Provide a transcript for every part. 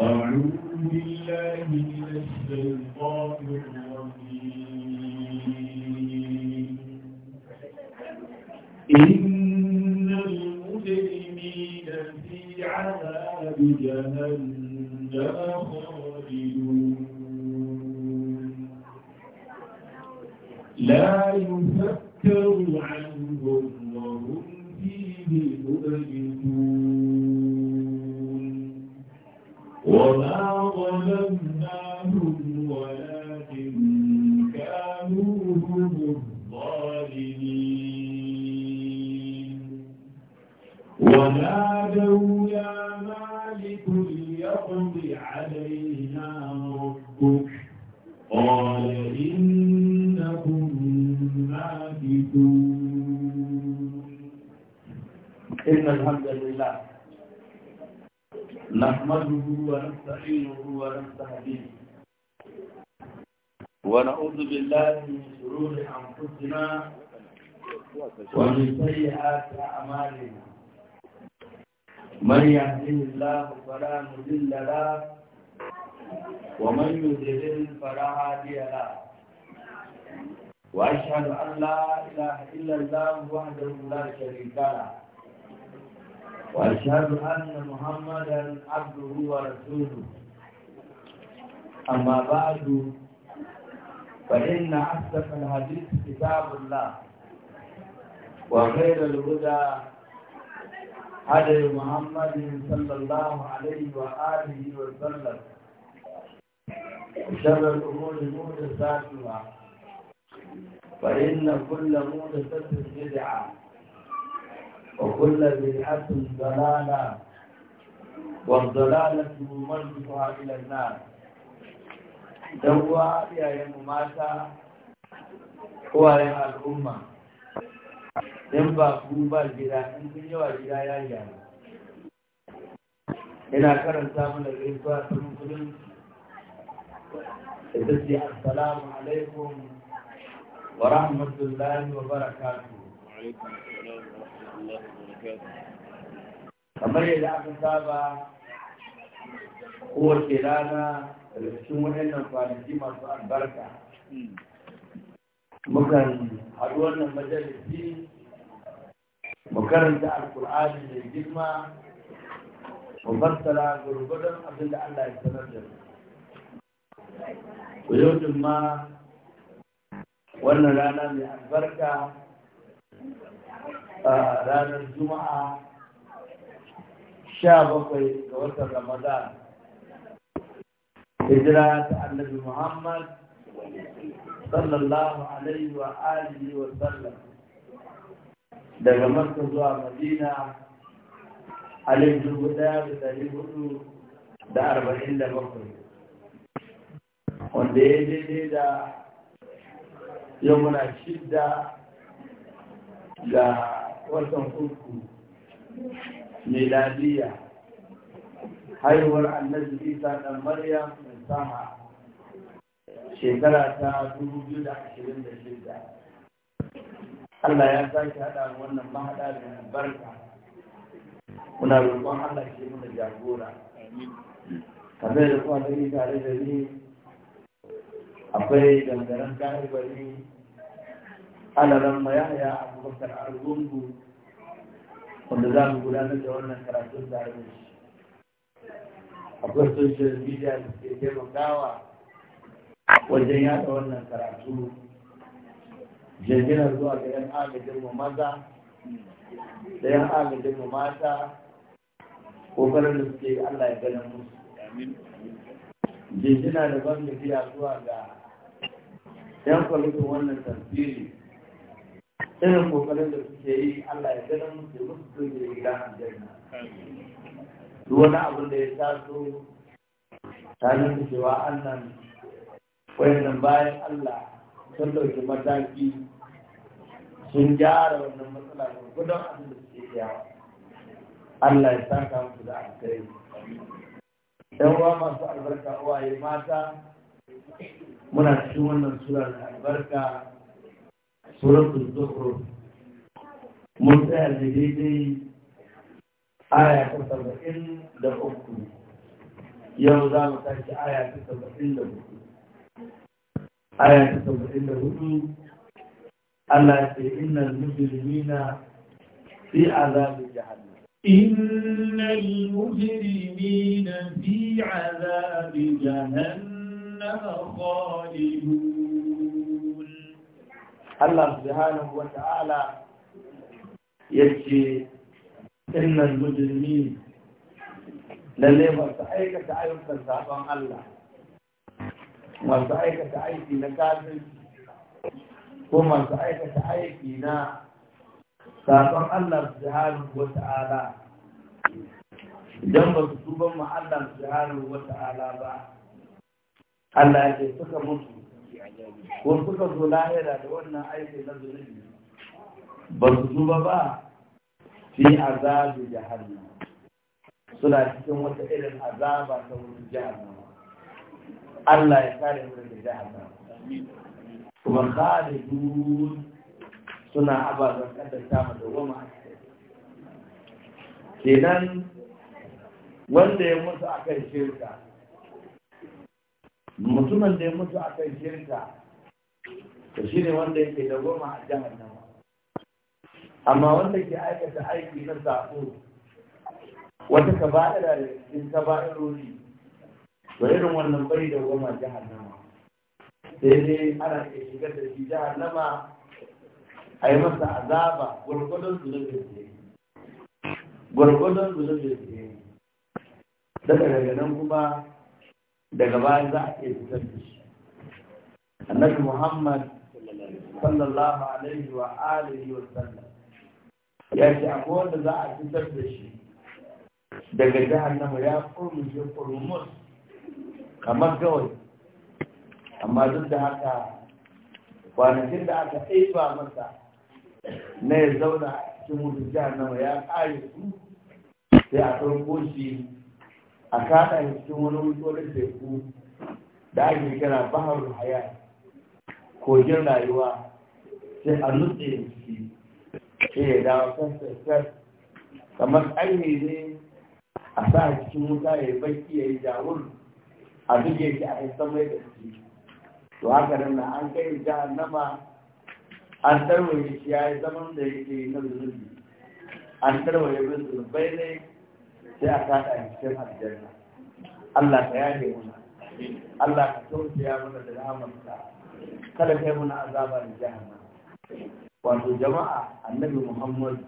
أعوذ بالله من الشيطان الرجيم إن المجرمين في عذاب جهنم خالدون لا من يهده الله فلا مضل له ومن يضلل فلا هادي له واشهد ان لا اله الا الله وحده لا شريك له واشهد ان محمدا عبده ورسوله اما بعد فان اصدق الحديث كتاب الله وخير الهدى هدي محمد صلى الله عليه وآله وسلم شر الأمور محدثاتها فإن كل محدثة بدعة وكل بدعة ضلالة والضلالة مرجعها إلى النار دوا يا ماتا هو يا الأمة don ba ku ba gida in sun yawa gida ya yi yana. ina karanta mana gaisuwa ta musulun ita ce assalamu alaikum wa rahmatullahi wa barakatu kamar yadda aka saba kowace rana da cikin waɗannan kwanaki masu albarka mukan haɗu wannan majalisi mu karanta alkur'ani mai girma mu fassara gurgudan abin da Allah ya sanar da mu ku yau ma wannan rana mai albarka a ranar juma'a sha bakwai ga watan ramadan hijira ta annabi muhammad sallallahu alaihi wa alihi wa sallam daga makka zuwa madina alif dubu daya da dari hudu da arba'in da bakwai wanda ya daidai da yau shidda ga watan uku miladiya haihuwar annabi isa dan maryam mai sama shekara ta da ashirin 2026 Allah ya sake haɗa wannan mahaɗa da barka. muna roƙon Allah ke muna jagora zai da kuma gani tare da ni akwai dangaren ɗalibari ya mayaya abubakar argungu wanda za mu gudanar da wannan karatun tare da shi akwai social media da ke taimakawa wajen yada wannan karatu jirginar zuwa ga yan agajin mu maza da yan agajin mu mata kokarin da suke Allah ya gani musu jirgina da ban biya zuwa ga yan kwalitin wannan tafsiri irin kokarin da suke yi Allah ya gani musu da musu sun yi gida a jirgin duwana wani abin da ya taso ta nuna cewa annan wannan bayan Allah sun ɗauki mataki sun gyara wannan matsala da gudan abin da suke yawa Allah ya saka musu da alkhairi dan uwa masu albarka uwaye mata muna cikin wannan sura da albarka suratul zukhruf mun tsaya da daidai aya ta saba'in da uku yau za mu tashi aya ta saba'in da uku aya ta saba'in da hudu Allah ce innal mujrimina fi azabin jahannam innal mujrimina fi azabi jahannam khalidun Allah subhanahu wa ta'ala yace innal mujrimina lalle ba su aikata ayyukan sabon Allah masu aikata aiki na kafin ko masu aikata aiki na sakon Allah subhanahu wata ala. idan ba su tuban ma Allah subhanahu wata ala ba Allah ya ce suka mutu ko suka zo lahira da wannan aiki na zunubi ba su tuba ba fi azabu jahannam suna cikin wata irin azaba ta wurin jahannam Allah ya kare mu daga jahannama kuma khalidun suna kadar ta mu da goma kenan wanda ya mutu akan shirka mutumin da ya mutu akan shirka to shine wanda yake da goma a jahannama amma wanda ke aikata aiki na sako wata kaba'ira da cikin kaba'irori to irin wannan bari da goma nama sai dai ana ke shigar da shi nama a yi masa azaba gwargwadon su zai zai gwargwadon zunubin da zai daga daga nan kuma daga baya za a iya fitar da shi annabi muhammad sallallahu alaihi wa alihi wa sallam ya ce akwai wanda za a fitar da shi daga nama ya kurmushe kurmus kamar gawai amma duk da haka kwanakin da aka ɗaiba masa na ya zauna a cikin jihar jihannama ya ƙare su sai a ɗauko shi a kaɗa cikin wani da teku da ake kira bahar haya kogin rayuwa sai a nutse shi sai ya dawo kan kamar ainihi ne a sa cikin wuta ya yi baki ya yi jawon a duke shi a isa mai da shi to haka nan na an kai jahannama an tarwaye shi ya yi zaman da yake na zunubi an tarwaye mai zunubai ne sai a kada a cikin aljanna Allah ka yaje muna Allah ka ya mana da rahamarsa kada kai muna azaba da jahanna wato jama'a annabi Muhammad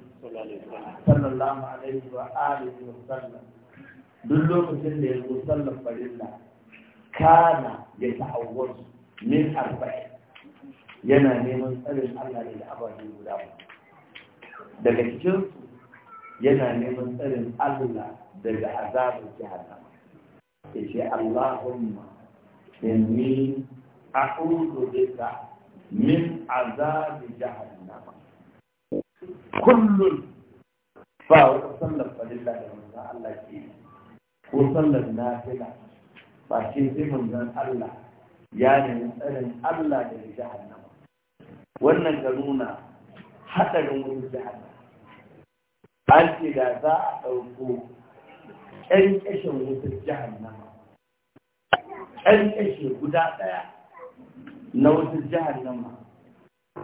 sallallahu alaihi wa alihi wa sallam duk lokacin da ya zo sallar farilla kana ya ta'awwaz min arba'in yana neman tsarin Allah da ababe guda daga cikin yana neman tsarin Allah daga azabar jahannama yace Allahumma inni a'udhu bika min azabi jahannama kullun fa sallallahu alaihi wa sallam Allah ke ko sallar nafila ba ce sai manzon Allah ya nemi tsarin Allah da jahannama wannan ga nuna hadarin wurin jahannama an ce da za a ɗauko ƙyanƙyashin wutar jahannama ƙyanƙyashe guda ɗaya na wutar jahannama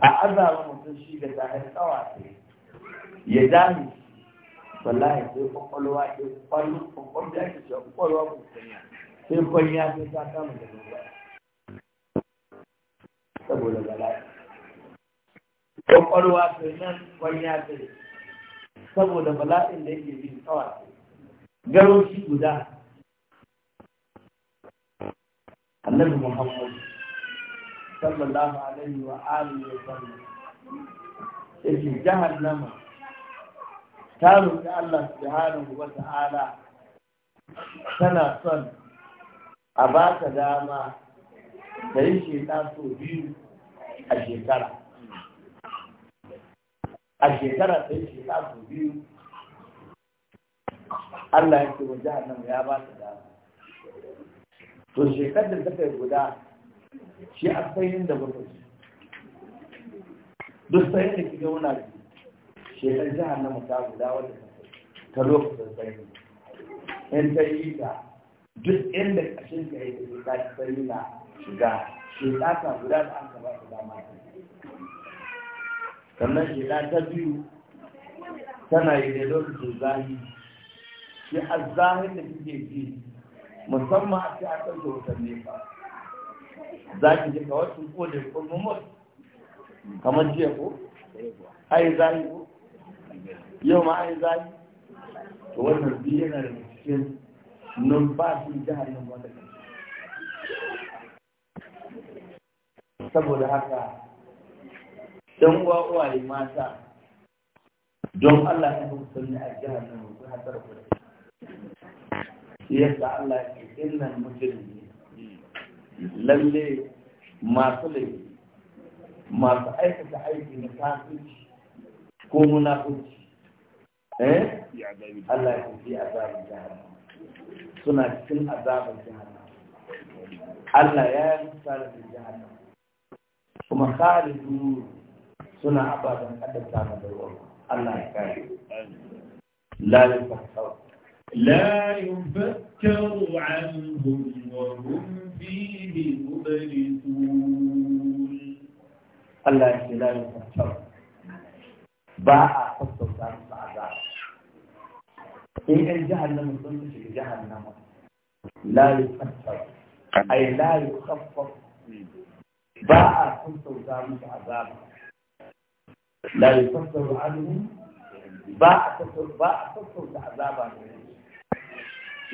a azaba mutum shi da zahar tsawa ya dami wallahi sai kwakwalwa ya kwakwalwa kwakwalwa ya kwakwalwa kwakwalwa sai kwanya sai ta kama da ruwa saboda bala'i kwakwalwa sai nan kwanya sai saboda bala'in da yake bin tsawa garoshi guda annabi muhammad sallallahu alaihi wa alihi wa sallam yake jahannama ta roƙi Allah subhanahu wa ta'ala tana son a ba ka dama da yi shekara so biyu a shekara a shekara ta yi shekara so biyu Allah ya ce wa nan ya ba ka dama to shekar da ta kai guda shi a sayin da wata duk sayin da kiga wuna ce shekar jahannama ta guda wadda ta lokacin sayin in ta yi ta duk inda kashin ka yake da ka ci na shiga shi shekata guda da an ka ba su dama sannan shekata ta biyu tana yi da lokacin zahi shi a zahirin da kike ji musamman a ce a ɗauke wutar nefa za ki ji kawai sun kodin kurmumut kamar jiya ko ai zahi ko yau ma ai zahi to wannan biyu yana da cikin numfashin jihar nan wata saboda haka don uwa uwa uwaye mata don Allah ya mutum da a jihar nan ku hatar ku yadda Allah ke innan mutum lalle masu laifi masu aikata aiki na kafirci ko munafunci eh Allah ya tafi a zaɓin jihar suna cikin azabar jahannam Allah ya yi misalin jahannam kuma khalidu suna abadan adabta na da ruwa Allah ya kare la yufakkar la yufakkar anhum wa hum fihi mublisun Allah ya ce la yufakkar ba a fassauta in yan jahannama sun su shiga jahannama la yukaffar ay la yukaffar ba a kun sauta musu azaba la yukaffar anhu ba a ba a sassauta azaba ne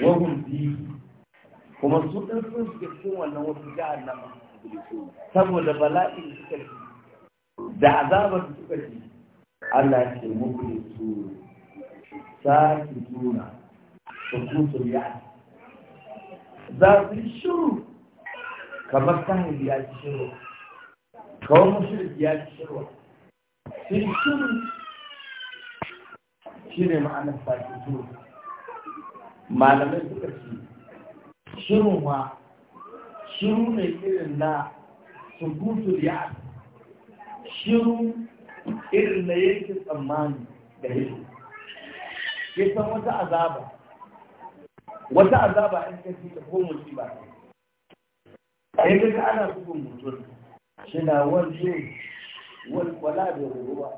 wahum bi kuma su ɗan sun shiga cikin wannan wasu jahannama saboda bala'in suka ji da azabar suka ji Allah ya ce muku su sakituna sukutul ya za su yi shiru kamar kahiri ya ci shiru kawai mushrik ya ci shiru sun shiru shi ne ma'anar sakituna malamai suka ce shirin wa shiru ne irin na sukutul ya shiru irin na yake tsammani da hidu ya san wata azaba wata azaba in ka ji ko musiba yi ka ana bugun mutum na wance wala da ruwa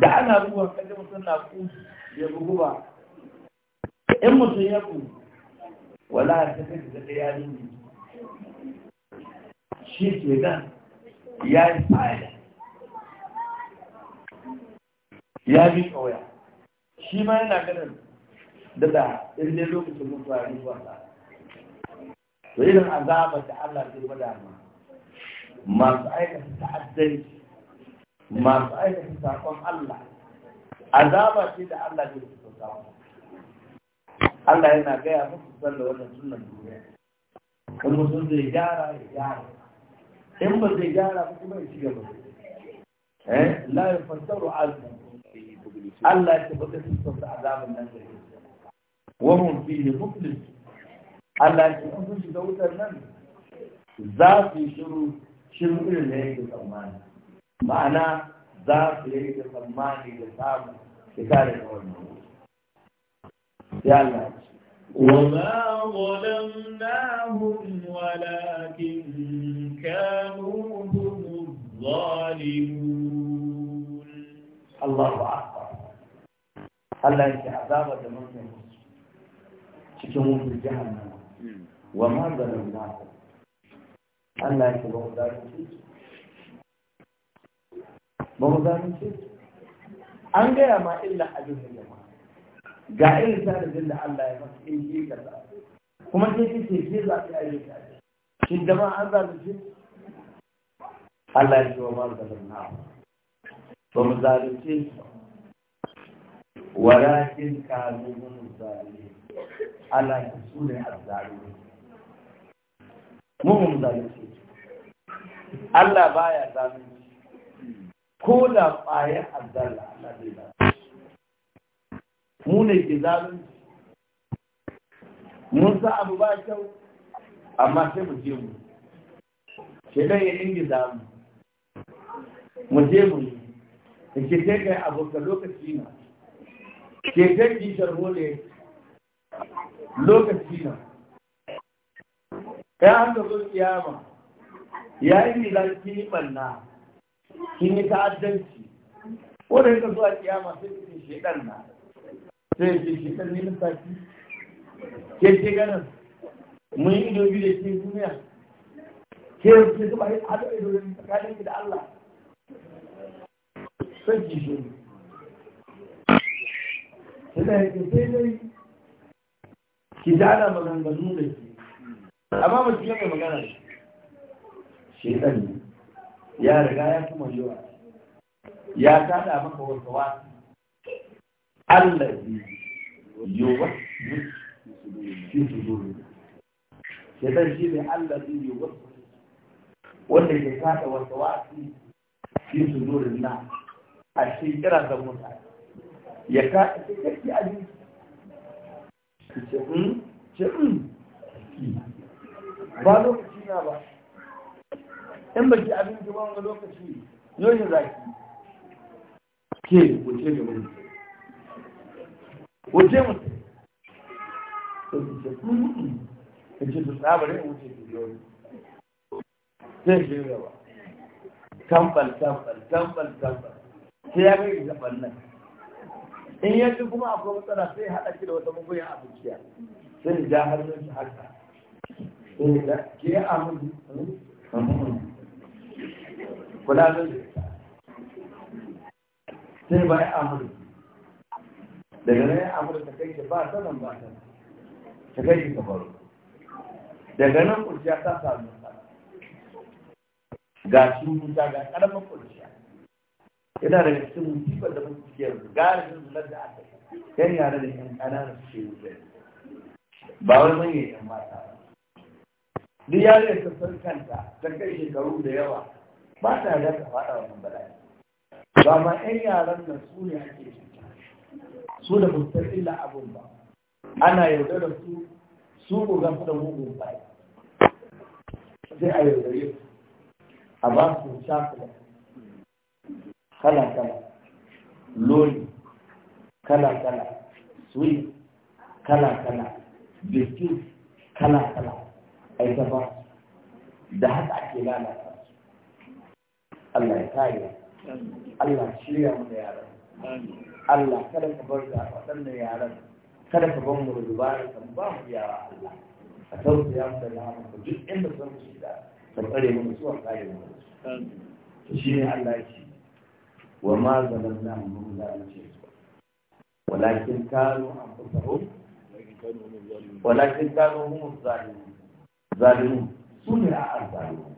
da ana ruwa kaje mutum na ku ya bugu ba in mutum ya ku wala ta kai da ya nuni shi ke nan ya yi fa'ida ya bi tsawaya shi ma yana ganin daga irin lokacin mutuwa ya zuwa ta to irin azabar da Allah zai ma masu aikata ta'addai masu aikata sakon Allah azaba ce da Allah zai kusa Allah yana gaya musu da wannan sunan duniya kan mutum zai gyara ya gyara in ba zai gyara ba kuma ya ci gaba eh la yafassaru azmi ألا يتبقى تستطر عذاب الناس ومن فيه مطلس ألا يتبقى تستطر من ذات شروع شروع الهيك الثماني معنى ذات الهيك الثماني لسام لكار الأول يا الله وما ظلمناهم ولكن كانوا هم الظالمون الله أعلم Allah ya ce azaba da mutum cikin wutar jihannan wa ma zalimna Allah ya ce ba mu ce ba mu ce an gaya ma illa abin da jama'a ga irin sa da Allah ya masu in ji kaza kuma sai ce ke za a yi ta shin jama'a an zalunci Allah ya ce wa ma zalimna ba mu ce walakin kanu min zalim ala mu azzalim muhim zalunci Allah baya zalunci ko da ƙwayar azzalla Allah bai ba mu ne ke zalunci mun sa abu ba kyau amma sai mu je mu shekai ya ingiza mu mu je mu ne da ke kai abokan lokaci na ke gangi sharbo ne lokaci na ya hanga zo kiyama ya yi milan kini banna kin yi ta'addanci wanda ya zuwa kiyama sai ke shekar na sai ke shekar ne na sati ke ce ganin mun yi ido biyu da ke duniya ke ke zuba yi hada ido da tsakanin da Allah sai ki shi suna yake sai dai ki dana maganganu da ke amma mutum ya mai magana shi shekan ya riga ya kuma yawa ya tada maka wasawa Allah ne yawa shi su dole shekan shi ne Allah ne yawa wanda ke tada wasawa shi su dole na a shekara zan mutane ya ka ce hmm? kake abinci ce hmm. ba lokaci na ba in ba ki abinci ba wani lokaci yau ne za ki ke wuce da wani wuce mutum da ce su hmm, tsabarin wuce da yau zai shi gaba tambal tambal tambal tambal sai ya kai gaban nan in yanzu kuma akwai matsala sai haɗa ki da wata a abinciya sai da hannun shi sai da ke amin kula da shi sai ba ya amin daga nan ya amin ta kai shi ba nan ba ta ta kai shi ka daga nan kurciya ta samu ga shi ta ga ƙaramin kurciya yana da cikin musibar da muke yanzu gara da zubar da aka yan yara da yan ƙananan su ce wuce ba wani manyan yan mata ba duk yariyar ta san kanta ta kai shekaru da yawa ba ta da ta faɗa wannan bala'i ba ma yan yaran nan su ne ake cuta su da mutar illa abun ba ana yaudar da su su ko ga fada mugun bai sai a yaudare su a ba su shafi kala-kala lori kala-kala sweet kala-kala biskit kala-kala a yi ba da haka ake lalata Allah ya kare Allah shirya mu da yaran Allah kada ka bar da waɗannan yaran kada ka bar mu da dubara kan ba mu yawa Allah a ya mu da lamu duk inda sun da ka tsare mu da suwan kare mu shi ne Allah ya ce wa ma zalanna annahum la yashkurun walakin kanu anfusahum walakin kanu hum zalimun zalimun su ne a azzalimun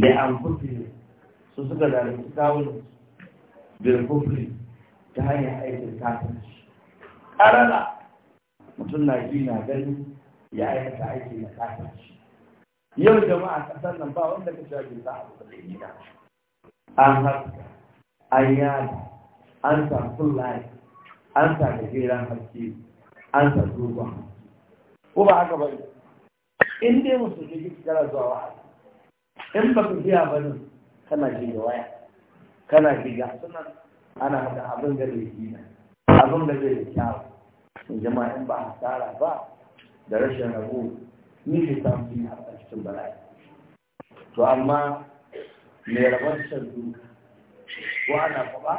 da anfusahum su suka zalunci kawunan bil kufri ta hanyar aikin kafirci karara mutum na ji na gani ya aikata aiki na kafirci yau jama'a kasar nan ba wanda ka shafi a kusa da an haska an yada an samun full an sa da geran haske an sa dogon ko ba haka ba in dai musu ji kana zuwa wa in ba ku biya ba nan kana da waya kana shiga sunan ana haka abin da zai yi abin da zai kyawu jama'a in ba hasara ba da rashin rabu ni ke samu a cikin bala'i to amma mai rabar shan duka wa ana kuma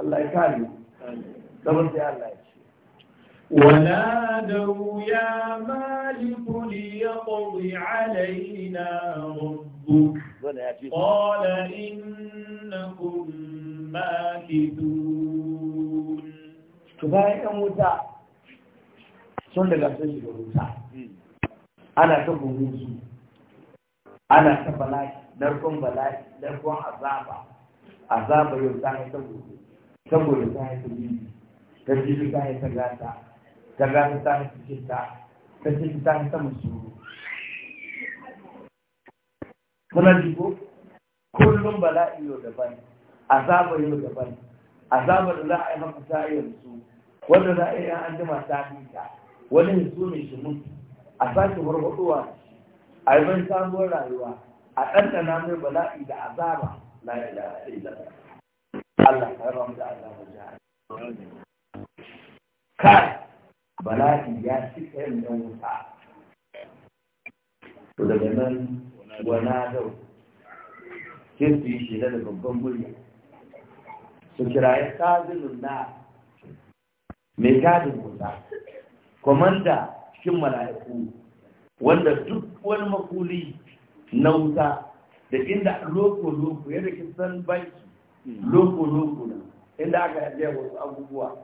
Allah ya kare gaban sai Allah ya ce ونادوا يا مالك ليقض علينا ربك قال إنكم ماكثون تباين wuta, sun daga sun shiga wuta hmm. ana ta gumin su ana ta bala'i darkon bala'i darkon azaba azaba yau ta yi saboda saboda ta yi sabibi ta jiri ta yi tagata ta gata ta yi cikinta ta cikin ta yi sama su kuna jiko kullum bala'i yau daban azaba yau daban azaba da za a yi maka ta yanzu wanda za a yi an jima ta fita, wani yanzu ne shi mutu a sake warwadowa a yi ban samuwar rayuwa a ɗanɗana mai bala'i da azaba la ilaha illallah Allah ya ramu da azaba jahannam kai bala'i ya ci ɗan ɗan wuta to daga nan wana dau sai shi da babban murya su kiraye kazinin na mai gadin wuta Kwamanda cikin mala'iku wanda duk wani makuli na wuta da inda loko-loko yadda ki san banki loko-loko na inda aka ajiye wasu abubuwa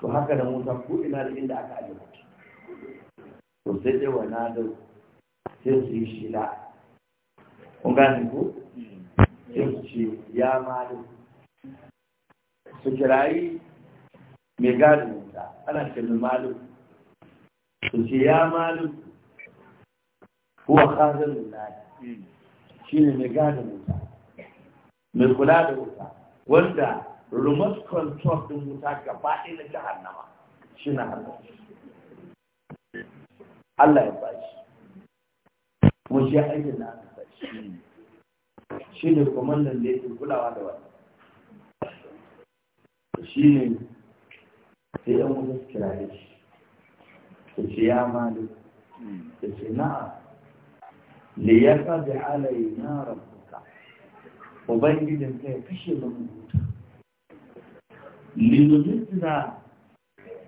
to haka da wuta ko ina da inda aka ajiye wasu to sai dai wana da sai su yi shila kun gani ko sai su ce ya malu su kirayi mai gadi wuta ana ce mai malu su ce ya malu kuwa kazan lullahi shine mai gada wuta mai kula da wuta wanda remote control din wuta gaba ɗaya na jahannama shi na Allah Allah ya ba shi mu shi aikin na aka ba shi shi ne kwamandan da yake kulawa da wannan? shi ne sai yan wani kirare shi ce ya malu ta ce na'a liyafa da alaina rabbuka ubangijin ka ya kashe ne wuta linuzina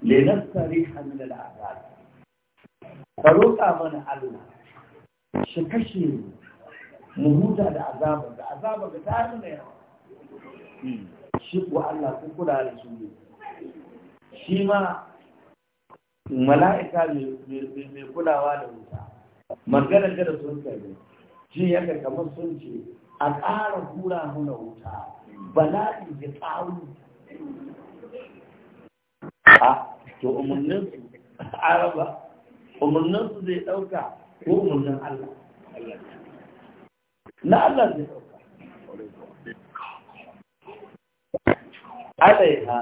linastari hamil al'adar ka roƙa mana Allah shi kashe mu huta da azabar da azabar da ta hana yawa shi wa Allah ku kula da su ne shi ma mala'ika mai kulawa da wuta maganar gada sun kai shi ya kamar sun ce a ƙara hura muna wuta bala'i ya ƙaru a to umarnin su araba umarnin su zai ɗauka ko umarnin Allah na Allah zai ɗauka alaiha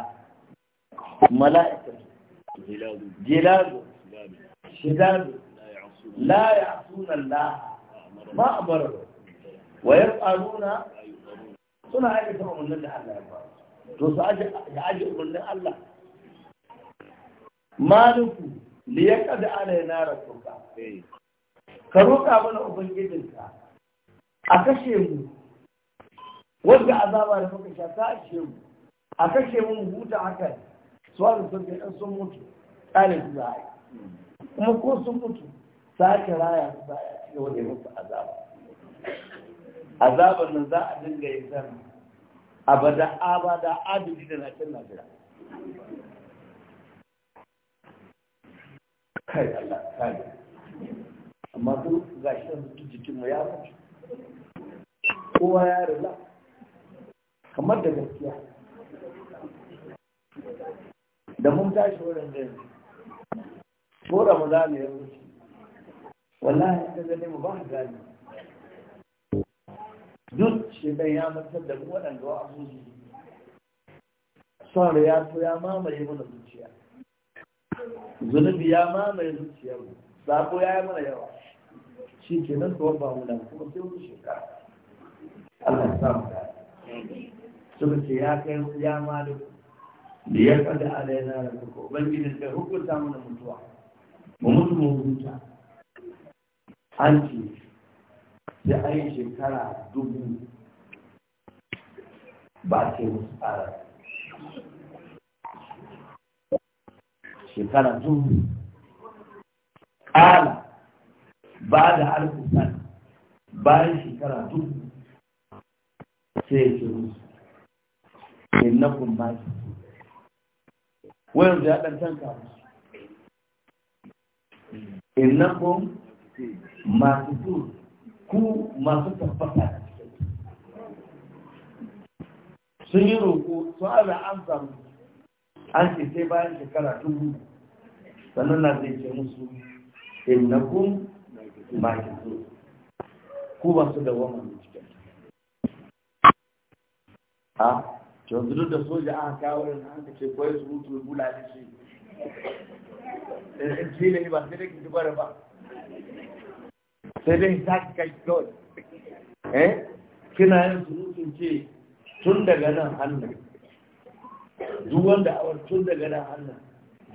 mala'ikatu jilazu shidazu la ya'tuna Allah ma amara wa yaf'aluna suna aikata umarnin da Allah ya ba to su aje ya aje umarnin Allah maliku li yaqad alaina rabbuka ka roƙa mana ubangijinka a kashe mu wanda azaba da muka sha ta ashe mu a kashe mu huta haka su wani sun ga sun mutu ɗalin za a yi kuma ko sun mutu sake raya su ya ci gaba musu azaba azabar nan za a dinga yi zan abada abada adadi da na cin najira kai Allah kai amma su ga shi yanzu jikin mu ya mutu kowa ya rila kamar da gaskiya da mun tashi wurin gani ko da mu za mu yi wallahi ta ka gane mu ba mu gane duk bai ya mutar da mu waɗanda wa abubuwa sauri ya to ya mamaye mana zuciya zunubi ya mamaye zuciyar mu sako ya yi mana yawa shi ke nan kawar ba mu da kuma sai wani shekara Allah ya samu da suka ce ya kai ya malu da ya kada alaina da kuka ubangijin kai hukunta mana mutuwa mu mutu mu hukunta an ce sai an yi shekara dubu ba ce musu tsara shekara dubu ƙara ba da alkusan bayan shekara dubu sai ya ce musu innakun na su wayar da ya ɗan tanka musu innakun masu zu ku masu tabbata sun yi roƙo sun ara an samu an ce sai bayan shekara dubu sannan na zai ce musu innakun masu zu ku ba su da wani cikin a yanzu da soja aka kawo da an ka ce kawai su mutu bula da shi eh, eh, shi ne ba sai da ke dubara ba sai dai kai kawai eh kina yin surutun ce tun daga nan hannun duk wanda a tun daga nan hannun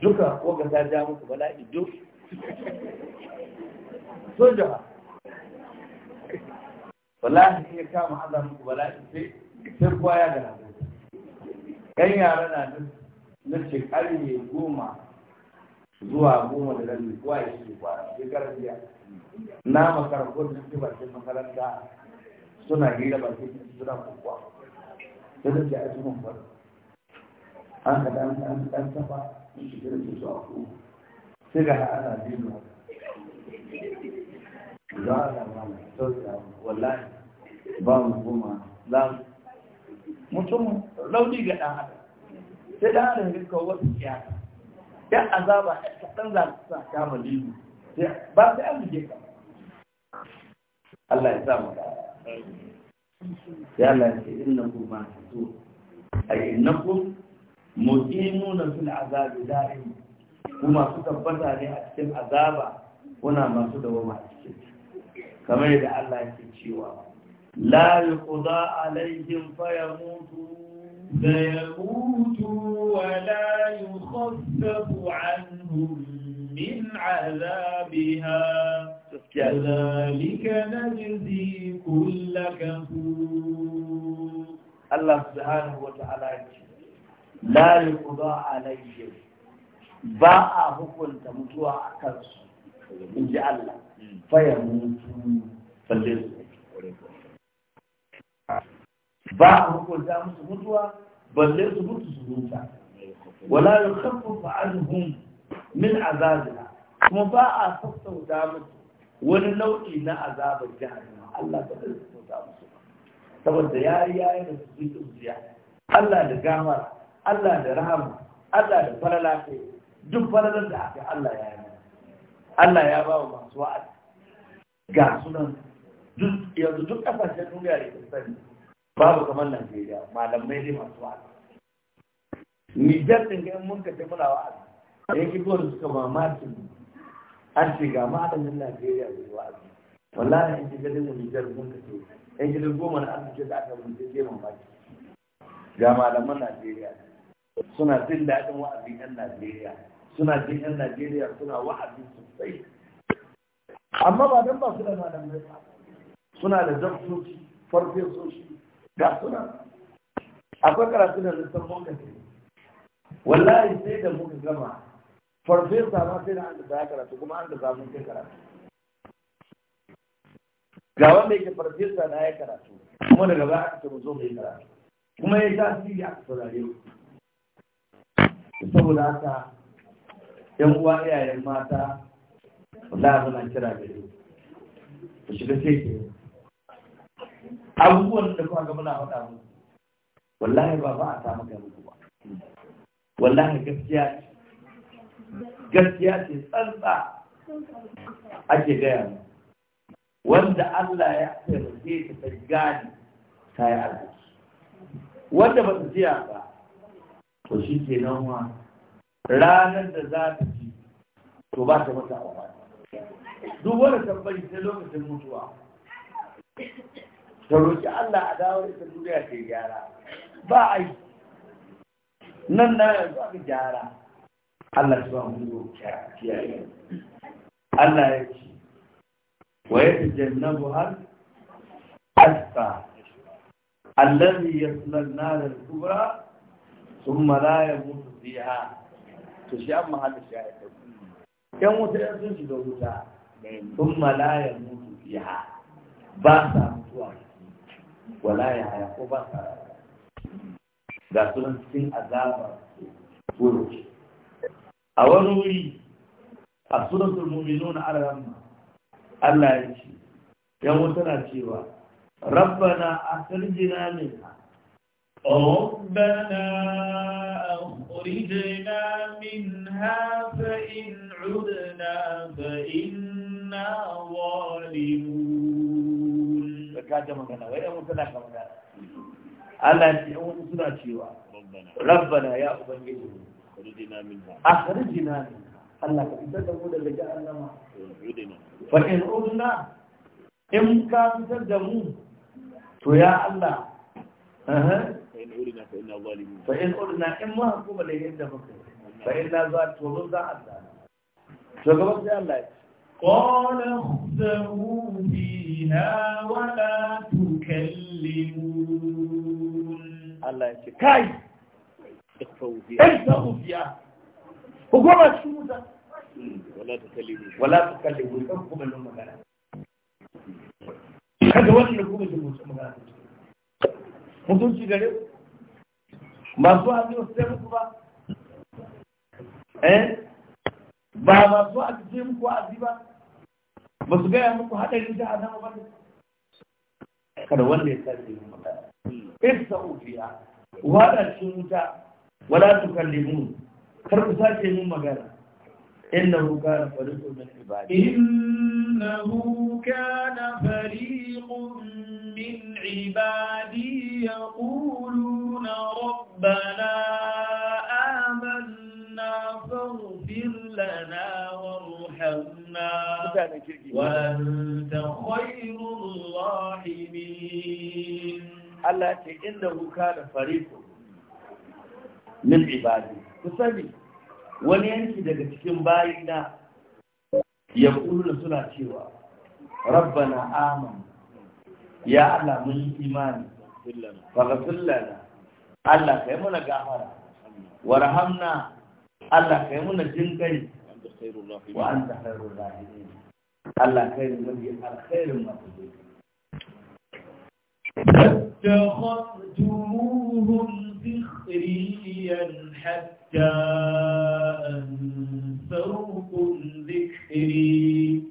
duka waka ta ja muku bala'i duk soja bala shi ya kama haza muku bala ido sai kuwa ya gana kan yara na nan na shekari goma zuwa goma da rabi kowa ya shi kwana shekarar biya na makarantar da suke bakin makaranta suna hira bakin suna kokowa Ta da ke aji mun kwana an ka dan an dan tafa in shi da su a ko sai ga ana biyu za a zama mai sauya wallahi ba mu goma za mu mutum rauni ga ɗan adam sai ɗan adam ya kawo wasu kiyata dan azaba ɗan za kama libu ba sai an buge ka Allah ya sa mu ya Allah ya ce innakum ma tuzu ku? innakum na fil azabi da'im kuma su tabbata ne a cikin azaba kuna masu dawama a cikin kamar yadda Allah ya ce cewa la yuqda alaihim fayamutu فيموتوا ولا يخفف عنهم من عذابها كذلك نجزي كل كفور الله سبحانه وتعالى لا يقضى عليهم باء حكم تمتوا أكرس إن شاء الله فيموتوا فليسوا ba a hukunta musu mutuwa balle su mutu su huta wala yukhaffafu anhum min azabiha kuma ba a sassauta musu wani nau'i na azabar jahannama Allah ba zai sassauta musu ba saboda yayi yayi da su sun tsuciya Allah da gamar Allah da rahama Allah da falala kai duk falalar da aka Allah ya yi Allah ya ba wa masu wa'azi ga sunan duk yanzu duk kasashen duniya da ke sani babu kamar Najeriya malamai ne masu wa'azi Nijar din ga mun ka tafi muna wa'azi yake kawai suka mamaki an ce ga malamin Najeriya bai wa'azi wallahi in ji garin Nijar mun ka ce yan gidan goma na arziki da aka mun je mamaki ga malaman Najeriya suna jin daɗin wa'azi yan Najeriya suna jin yan Najeriya suna wa'azi sosai amma ba don ba su da malamai ba suna da zartoci farfesoshi ga suna akwai karatu da littafin kasi wallahi sai da muka gama farfesa ma sai da an da ya karatu kuma an da samun kai karatu ga wanda yake farfesa na ya karatu kuma daga baya aka mu zo mai karatu kuma ya tasiri a saurare saboda haka yan uwa iyayen mata wallahi muna kira gare ku shiga sai ke abubuwan da kuma ga muna faɗa mu wallahi ba ba a ta maka mutu ba wallahi gaskiya ce gaskiya ce tsantsa ake gaya mu wanda Allah ya taimake ta ta gane ta yi arziki wanda ba su jiya ba to shi ke nan wa ranar da za ta ci to ba ta mata a duk wanda tambari sai lokacin mutuwa ta roƙi Allah a dawo ita duniya ta gyara ba a yi nan na yanzu aka gyara Allah su ba mu kiyaye Allah ya ce wa ya fi jannabu har asta allazi yasla an-nar al-kubra thumma la yamutu fiha to shi amma hada shi ya yan wuta yan sun shiga wuta Sun malaya yamutu fiha ba sa mutuwa wala ya haya ko ba sa ga sunan cikin azaba wuro a wani wuri a sunan turmuminu na arahamma Allah ya ce yawon tana cewa rabbana a sarjina min ga magana wai yan suna ka magana Allah ya ce yan suna cewa rabbana ya ubangiji min ha akhrijina Allah ka fitar da mu daga jahannama fa in udna in ka fitar da mu to ya Allah fa in in فإن أولنا فإنا yadda ba أولنا إما هكوما za دمك zo za Allah to أدنا شكرا يا الله قال اخذروا فيها ولا تكلمون الله يقول كاي اخفوا فيها اخفوا فيها وقوما شوزا ولا تكلمون ولا تكلمون كم لهم مكانا kaga wannan kuma da mutum magana mutunci gare masu hannu sai muku ba eh ba ba su a cikin muku wa'azi ba ba su gaya muku haɗarin jihar na ba kada wanda ya sake yin magana sa ufiya waɗa shi wuta wala su mu kar ku sake yin magana إنه كان فريق من عبادي إنه كان فريق من عبادي يقولون ربنا لنا وارحمنا وأنت Allah ce inda da fariko min sani wani yanki daga cikin bayin da ya suna cewa na aman ya Allah mun imani sun lana Allah kai mana gafara warhamna الله كيمون الجن كي وأنت خير الله الله rahimin Allah الله mu mafi alkhairin masu اتخذتموهم ذخريا حتى أنسوكم ذكري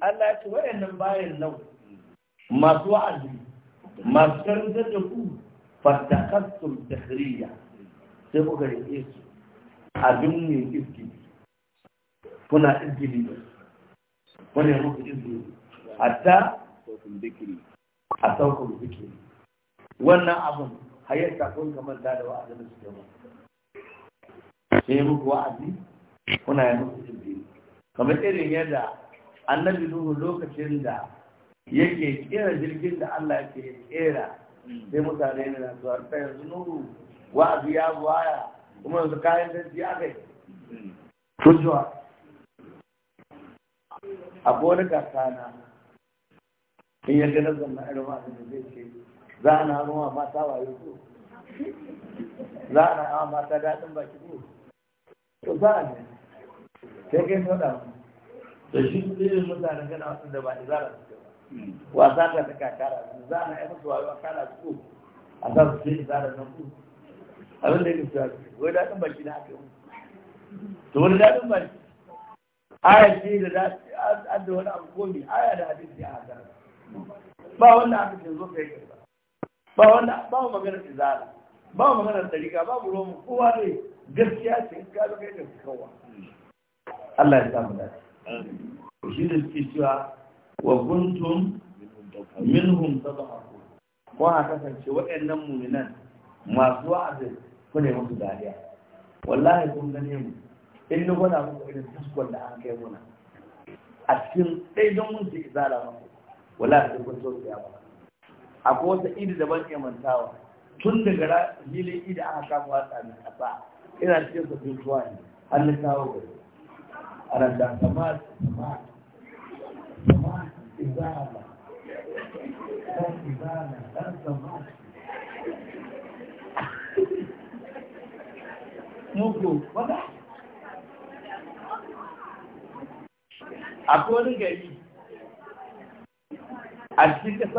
الله يتوقع أن باين ما توعد ما سرد فاتخذتم سخريا سيبقى الإيسو abin ne iski kuna izgili wani ya ta izgili hatta a saukun zikiri wannan abin hayar kun kamar da da wa'azin da suke ba sai ya muku wa'azi kuna ya muku izgili kamar irin yadda annabi nuhu lokacin da yake kera jirgin da Allah ke kera sai mutane ne na zuwa yanzu nuhu wa'azi ya buwaya kuma yanzu kayan sarki aka yi kujuwa a wani na. in yadda na zanna irin wasu da zai ce za a na ruwa mata waye ko za a na hawa mata daɗin baki ko to za a ne sai kai faɗa mu da shi irin mutanen gana wasu da ba zara su hmm. wasa ta ta kakara za a na yi musu wayo a kara su a za su ce zara na ku abin da yake cewa wai daɗin baki na haka yau to wani daɗin baki aya ce da daɗin da wani abu komi aya da hadisi a hasara ba wanda aka ce zo kai kai ba wanda ba mu magana zara, ba mu magana tarika ba mu romu kowa ne gaskiya ce in ka zo kai kai kowa Allah ya samu dace shi da suke cewa wa kuntum minhum tadhahu ko a kasance waɗannan mu'minan masu wa'azin ku ne musu dariya wallahi kun gane mu in ni gwada muku irin fuskon da aka kai muna a cikin ɗai don mun ci zara muku wallahi kun kun so ya ba akwai wata idi daban ke mantawa tun daga filin idi aka kama watsa mai kasa ina cikin sa tutuwa ne an na kawo gari ana da samar samar samar izala dan izala dan samar no go wanda akwai wani gari a cikin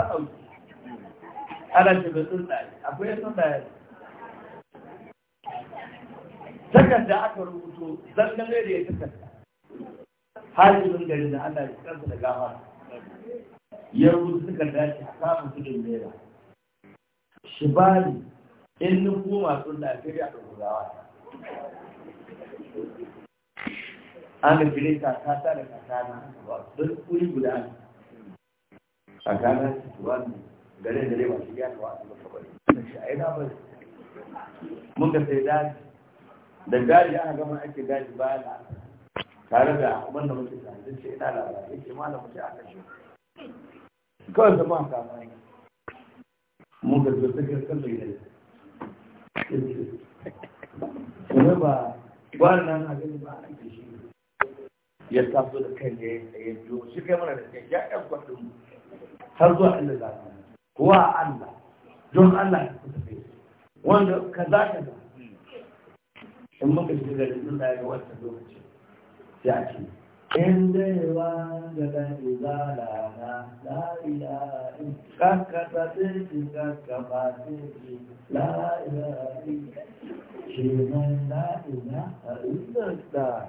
ana da tsuntsaye akwai takarda aka rubuto zangare da ya takarda gari da da gama a samun naira shi bani in nufu masu lafiya da gudawa an gire ta ta ta da kakana don kuri guda ne kakana tuwa ne gare da rewa masu ya tuwa ne maka bari shi a yi bari mun ga sai daji da daji aka gama ake daji baya da tare da wanda muke tare da ce ina labarai yake ma da muke aka shi kawai zama a kama ne mun ga zo ta kirkar da gidan kuma ba wannan abin ba a ya taso da kan ya yi biyo shi kai mana da kai ya ɗan kwaɗin har zuwa inda za ka kuwa Allah don Allah ya kusa kai wanda ka za ka ga in muka shiga da inda ya ga wata lokaci Ya ce in zai ba izala na la'ila in kakkata zirki kakkaba zirki la'ila in shi mai la'ila a izarta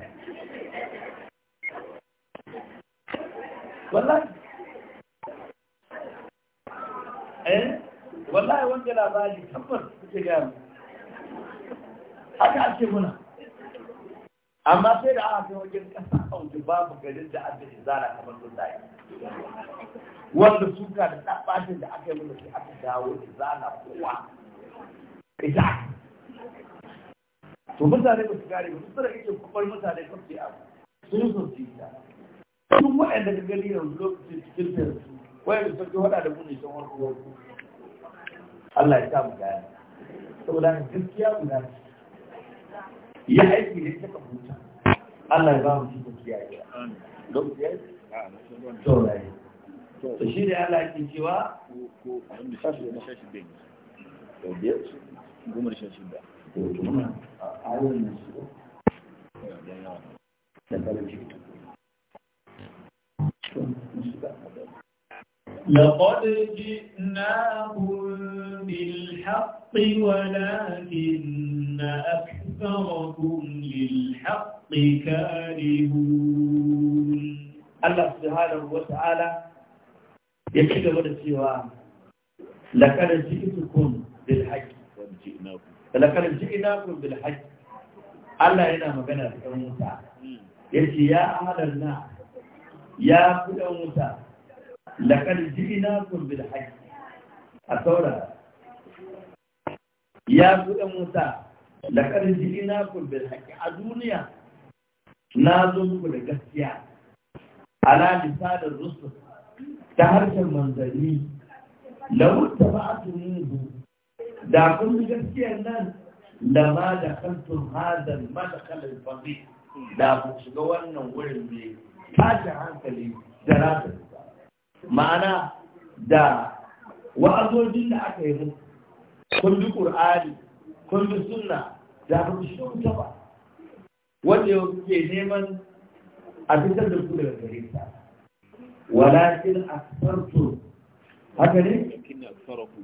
wallahi wanda labari tabbas kuke gaya haka ake muna amma sai da aka kai wajen kasa auki babu garin da aka zara kamar mutane wanda suka da tabbatin da aka yi mana sai aka dawo da izara kowa ita to mutane ba su gane ba su tsara ake kubar mutane kan su abu sun yi sun cika sun waɗanda ka gani yanzu lokacin cikin da yanzu waɗanda sun fi waɗa da mu ne sun su Allah ya sa mu gane saboda gaskiya mu gane yi aiki da ita huta Allah ya ba mu cikin kiyaye to shi ne Allah ke cewa ko da a لقد جئناهم بالحق ولكن أكثر أكثركم للحق كارهون الله سبحانه وتعالى يكيد ودى سوى لقد جئتكم بالحق لقد جئناكم بالحق الله هنا مغنى في موسى يقول يا أهل النار يا كل موسى لقد جئناكم بالحق أتورا يا كل موسى laƙar jina na bil haƙi a duniya na zo muku da gaskiya ala da rusu ta harshen manzanni lawutta ba su nuhu da kun bi gaskiya nan lama da kantun hadar madakalar fasi da ku shiga wannan wurin ne tashin hankali da rasa ma'ana da wa'azojin da aka yi mu kun bi ƙur'ani kun bi sunna da ba shi ta ba wanda yau ke neman a fitar da ku daga gare ta walakin aksartu haka ne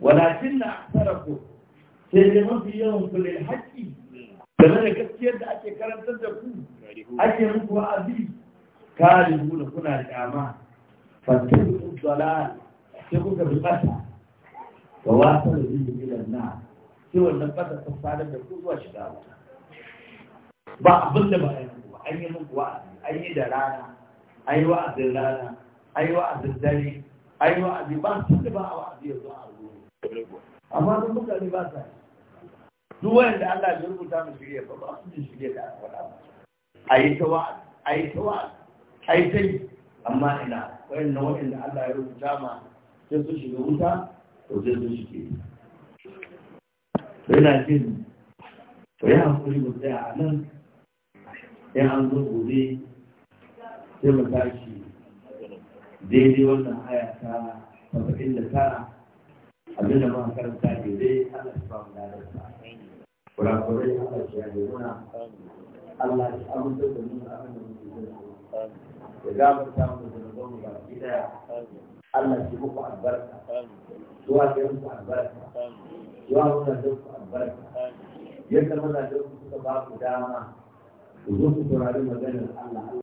walakin na aksarku sai da mafi yawan ku da haƙƙi game da gaskiyar da ake karantar da ku ake muku wa'azi kare kuna kuna kyama fatin dalal sai kuka bi ƙasa wa wasa da zai yi na sai wannan ƙasar sun sadar da ku zuwa shiga wuta ba abin da ba a yi ba an yi muku wa'azi an yi da rana an yi wa'azin rana an yi wa'azin dare an yi wa'azi ba su da ba a wa'azi yanzu a zo amma sun mutane ba sa yi duk wanda Allah ya rubuta mu shirye ba ba su shirye da aka faɗa a yi ta wa'azi a yi ta wa'azi a yi ta yi amma ina wayannan wanda Allah ya rubuta ma sai su shiga wuta to sai su shige yana jin to ya hankali guda a nan in an zo gobe sai mu tashi daidai wannan haya ta saba'in da tara abinda ma karanta dai Allah ya ba mu ladarsa kurakurai Allah ya yi muna Allah ya amince da mu a kan da muke da ya gafarta mu da zama baki daya Allah ya muku albarka zuwa ya muku albarka yawa mazajen ku albarka yadda mazajen ku suka ba ku dama ku zo ku saurari maganar Allah